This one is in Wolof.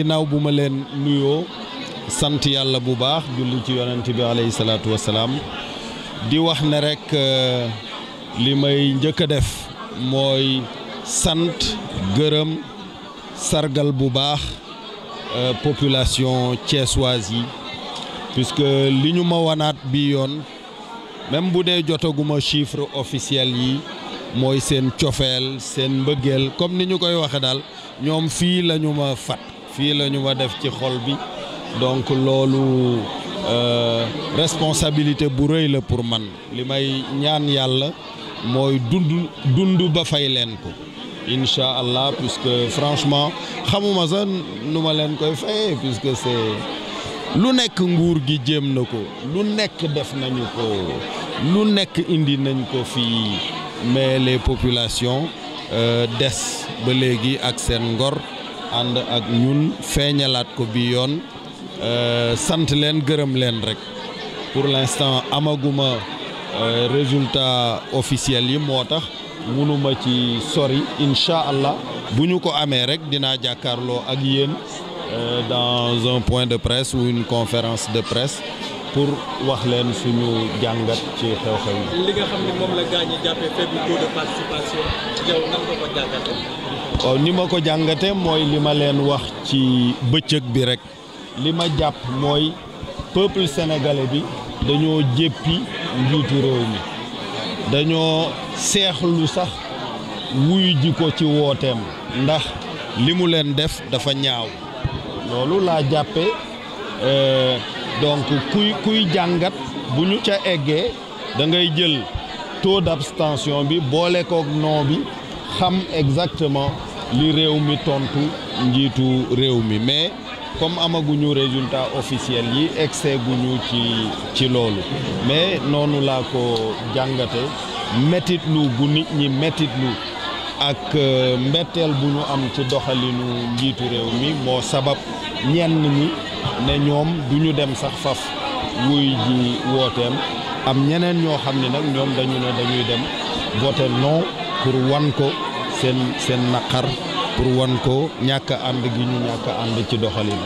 ginnaaw bu ma leen nuyoo sant yàlla bu baax julli ci yonent bi alayhi salaatu wasalaam di wax na rek euh, li may njëkk a def mooy sant gërëm sargal bu baax euh, population thiessoise yi puisque li ñu ma wanaat bi yoon même bu dee jotaguma chiffre officiel yi mooy seen cofeel seen mbëggeel comme ni ñu koy waxe daal ñoom fii lañu ma fat fii la ñu ma def ci xol bi donc loolu euh, responsabilité bu rëy la pour man li may ñaan yàlla mooy dund ba fay leen ko incha allah puisque franchement xamuma sax nu ma leen koy fayee puisque c'est lu nekk nguur gi jéem na ko lu nekk def nañu ko lu nekk indi nañ ko fii mais les populations euh, des ba léegi ak seen ngor ànd ak ñun feeñalaat ko bi yoon euh, sant leen gërëm leen rek pour l'instant amaguma euh, résultat officiel yi moo tax mënuma ci sori incha allah bu ñu ko amee rek dinaa jàkkaarloo ak yéen euh, dans un point de presse ou une conférence de presse pour wax leen suñu jàngat ci xew-xew yi. waaw oh, ni ma ko jàngatee mooy li ma leen wax ci bëccëg bi rekk li ma jàpp mooy peuple sénégalais bi dañoo jéppi njiitu réew mi dañoo seexlu sax wuy ji ko ci wooteem ndax li mu leen def dafa ñaaw loolu laa jàppee. Euh, donc kuy kuy jàngat bu ñu ca eggee da ngay jël taux d'abstention bi boole koog non bi xam exactement li réew mi tontu njiitu réew mi mais comme amaguñu résultat officiel yi excès guñu ci ci loolu mais noonu laa ko jàngate métit lu bu nit ñi métit ak euh, mbetteel bu ñu am ci doxalinu njiitu réew mi moo sabab ñenn ñi ne ñoom du dem sax faf wuy ji wooteem am ñeneen ñoo xam ni nag ñoom dañu ne dañuy dem voté non pour wan ko seen naqar pour wan ko ñàkk ànd gi ñu ñàkk ànd ci doxalin